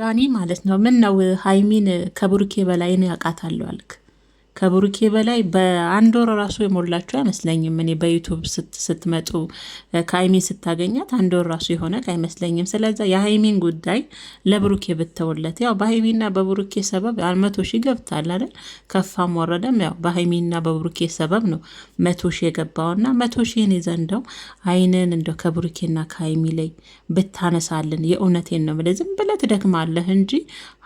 ዳኒ ማለት ነው። ምን ነው ሀይሚን ከብሩኬ በላይ ነው ያውቃታለሁ አልክ? ከብሩኬ በላይ በአንድ ወር ራሱ የሞላችሁ አይመስለኝም። እኔ በዩቱብ ስትመጡ ከሀይሜ ስታገኛት አንድ ወር ራሱ የሆነ አይመስለኝም። ስለዚ የሀይሜን ጉዳይ ለብሩኬ ብተውለት ያው በሀይሜና በብሩኬ ሰበብ መቶ ሺ ገብታል አይደል? ከፋም ወረደም ያው በሀይሜና በብሩኬ ሰበብ ነው መቶ ሺ የገባውና መቶ ሺን ይዘ ዘንደው አይንን እንደው ከብሩኬና ከሀይሚ ላይ ብታነሳልን የእውነቴን ነው ብለህ ዝም ብለህ ትደክማለህ እንጂ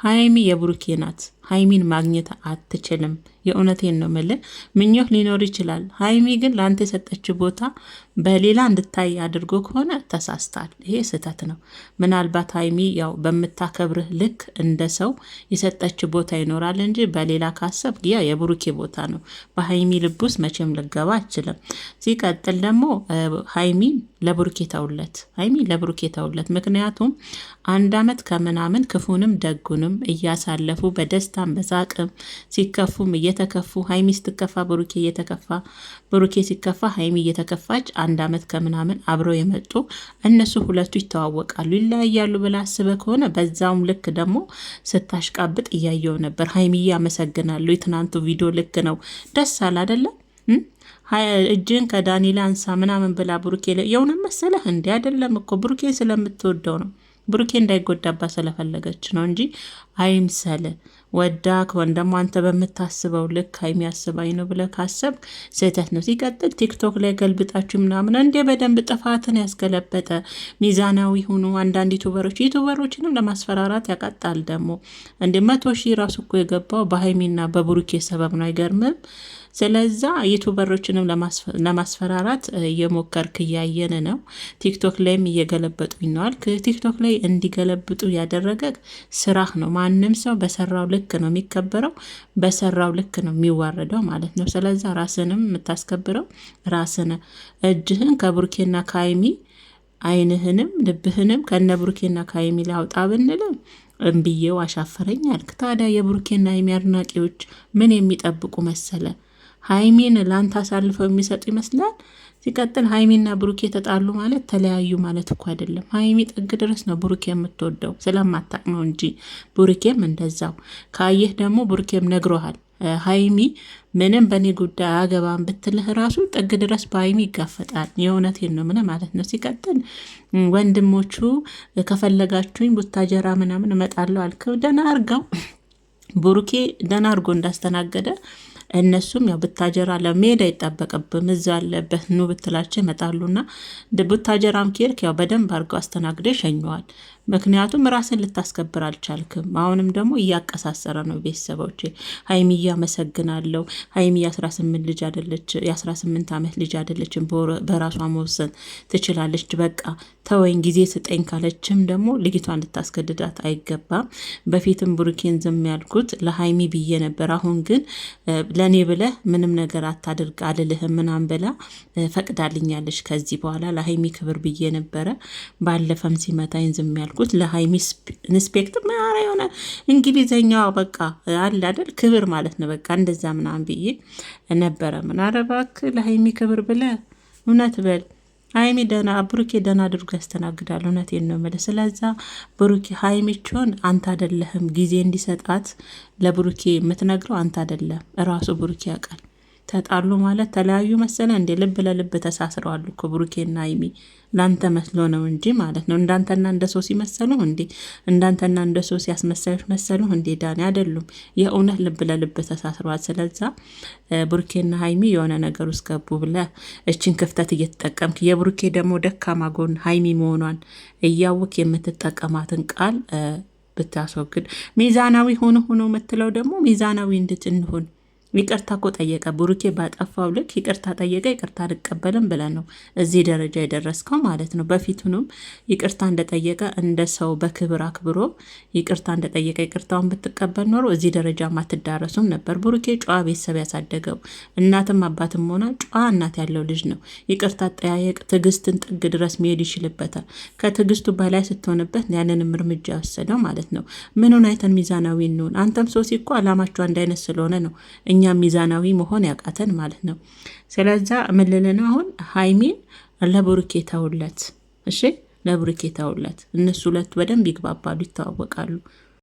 ሀይሚ የብሩኬ ናት። ሀይሚን ማግኘት አትችልም። የእውነቴን ነው የምልህ። ምኞት ሊኖር ይችላል። ሀይሚ ግን ለአንተ የሰጠችው ቦታ በሌላ እንድታይ አድርጎ ከሆነ ተሳስታል። ይሄ ስህተት ነው። ምናልባት ሀይሚ ያው በምታከብርህ ልክ እንደ ሰው የሰጠችው ቦታ ይኖራል እንጂ በሌላ ካሰብ ያ የብሩኬ ቦታ ነው። በሀይሚ ልብ ውስጥ መቼም ልገባ አችልም። ሲቀጥል ደግሞ ሀይሚ ለብሩኬ ተውለት፣ ሀይሚ ለብሩኬ ተውለት። ምክንያቱም አንድ አመት ከምናምን ክፉንም ደጉንም እያሳለፉ በደስታም በሳቅም ሲከፉም እየተከፉ ሀይሚ ስትከፋ ብሩኬ እየተከፋ ብሩኬ ሲከፋ ሀይሚ እየተከፋች አንድ አመት ከምናምን አብረው የመጡ እነሱ ሁለቱ ይተዋወቃሉ። ይለያያሉ ብላ አስበ ከሆነ በዛውም ልክ ደግሞ ስታሽቃብጥ እያየው ነበር። ሀይሚዬ አመሰግናለሁ። የትናንቱ ቪዲዮ ልክ ነው። ደስ አለ አይደለም? እጅን ከዳኒላ አንሳ ምናምን ብላ ብሩኬ የሆነ መሰለህ? እንዲ አይደለም እኮ ብሩኬ ስለምትወደው ነው። ብሩኬ እንዳይጎዳባት ስለፈለገች ነው እንጂ አይምሰል ወዳክ ወን አንተ በምታስበው ልክ የሚያስባኝ ነው ብለህ ካሰብ ስህተት ነው። ሲቀጥል ቲክቶክ ላይ ገልብጣችሁ ምናምን እንደ በደንብ ጥፋትን ያስገለበጠ ሚዛናዊ ሁኑ። አንዳንድ ዩቱበሮች ዩቱበሮችንም ለማስፈራራት ያቃጣል። ደግሞ እንደ መቶ ሺህ ራሱ እኮ የገባው በሀይሚና በብሩኬ ሰበብ ነው። አይገርምም? ስለዛ ዩቱበሮችንም ለማስፈራራት እየሞከርክ እያየን ነው። ቲክቶክ ላይም እየገለበጡ ይነዋል። ቲክቶክ ላይ እንዲገለብጡ ያደረገ ስራህ ነው። ማንም ሰው በሰራው ልክ ነው የሚከበረው፣ በሰራው ልክ ነው የሚዋረደው ማለት ነው። ስለዛ ራስንም የምታስከብረው ራስን እጅህን ከቡርኬና ከሀይሚ አይንህንም ልብህንም ከነ ቡርኬና ከሀይሚ ላውጣ ብንልም እምብዬው አሻፈረኝ አልክ። ታዲያ የቡርኬና የሚያድናቂዎች አድናቂዎች ምን የሚጠብቁ መሰለ? ሀይሚን ለአንተ አሳልፈው የሚሰጡ ይመስላል። ሲቀጥል ሀይሚና ብሩኬ ተጣሉ ማለት ተለያዩ ማለት እኮ አይደለም። ሀይሚ ጥግ ድረስ ነው ብሩኬ የምትወደው ስለማታቅ ነው እንጂ ብሩኬም እንደዛው ከአየህ ደግሞ ብሩኬም ነግሮሃል። ሀይሚ ምንም በእኔ ጉዳይ አገባን ብትልህ ራሱ ጥግ ድረስ በሀይሚ ይጋፈጣል። የእውነቴን ነው ምን ማለት ነው። ሲቀጥል ወንድሞቹ ከፈለጋችሁኝ ቡታጀራ ምናምን እመጣለሁ አልከው ደህና አርገው ብሩኬ ደህና አርጎ እንዳስተናገደ እነሱም ያው ብታጀራ ለመሄድ አይጠበቅብም እዛ ያለበት ኑ ብትላቸው ይመጣሉና ብታጀራም ኬርክ ያው በደንብ አድርገው አስተናግደ ይሸኘዋል። ምክንያቱም ራስን ልታስከብር አልቻልክም። አሁንም ደግሞ እያቀሳሰረ ነው። ቤተሰቦች ሀይሚዬ አመሰግናለሁ። ሀይሚ የ18 ልጅ ዓመት ልጅ አይደለችም። በራሷ መወሰን ትችላለች። በቃ ተወኝ ጊዜ ስጠኝ ካለችም ደግሞ ልጅቷን ልታስገድዳት አይገባም። በፊትም ብሩኬን ዝም ያልኩት ለሀይሚ ብዬ ነበር። አሁን ግን ለእኔ ብለህ ምንም ነገር አታድርግ አልልህም ምናምን ብላ ፈቅዳልኛለች። ከዚህ በኋላ ለሀይሚ ክብር ብዬ ነበረ ባለፈም ሲመታኝ ዝም ያልኩት ለሀይሚ ሪስፔክት ምናምን የሆነ እንግሊዘኛዋ በቃ አለ አይደል ክብር ማለት ነው። በቃ እንደዛ ምናምን ብዬ ነበረ። ምን አረ ለሀይሚ ክብር ብለህ እውነት በል ሀይሚ ደና ብሩኬ ደና አድርጎ ያስተናግዳል። እውነቴን ነው የምልህ። ስለዛ ብሩኬ ሀይሚቾን አንተ አደለህም ጊዜ እንዲሰጣት ለብሩኬ የምትነግረው አንተ አደለም፣ እራሱ ብሩኬ ያውቃል። ተጣሉ ማለት ተለያዩ መሰለ እንዴ? ልብ ለልብ ተሳስረዋል እኮ ብሩኬና ሀይሚ ላንተ መስሎ ነው እንጂ ማለት ነው። እንዳንተና እንደ ሶሲ መሰሉ እንዴ? እንዳንተና እንደ ሶሲ ያስመሰለች መሰሉ እንዴ? ዳኒ አይደሉም። የእውነት ልብ ለልብ ተሳስረዋል። ስለዛ ብሩኬና ሀይሚ የሆነ ነገር ውስጥ ገቡ ብለ እችን ክፍተት እየተጠቀምክ የብሩኬ ደግሞ ደካማ ጎን ሀይሚ መሆኗን እያወቅ የምትጠቀማትን ቃል ብታስወግድ ሚዛናዊ ሆኖ ሆኖ የምትለው ደግሞ ሚዛናዊ እንድት እንሆን ይቅርታ እኮ ጠየቀ ብሩኬ ባጠፋው ልክ ይቅርታ ጠየቀ። ይቅርታ አልቀበልም ብለን ነው እዚህ ደረጃ የደረስከው ማለት ነው። በፊቱንም ይቅርታ እንደጠየቀ እንደ ሰው በክብር አክብሮ ይቅርታ እንደጠየቀ ይቅርታውን ብትቀበል ኖሮ እዚህ ደረጃ ማትዳረሱም ነበር። ብሩኬ ጨዋ ቤተሰብ ያሳደገው እናትም አባትም ሆና ጨዋ እናት ያለው ልጅ ነው። ይቅርታ ጠያየቅ ትዕግስትን ጥግ ድረስ መሄድ ይችልበታል። ከትዕግስቱ በላይ ስትሆንበት ያንንም እርምጃ ወሰደው ማለት ነው። ምኑን አይተን ሚዛናዊ እንሆን? አንተም ሶሲ እኮ አላማቸው አንድ አይነት ስለሆነ ነው እኛ እኛም ሚዛናዊ መሆን ያቃተን ማለት ነው። ስለዛ ምልልን አሁን ሀይሚን ለብሩኬ ተውለት። እሺ ለብሩኬ ተውለት። እነሱ ሁለቱ በደንብ ይግባባሉ፣ ይተዋወቃሉ።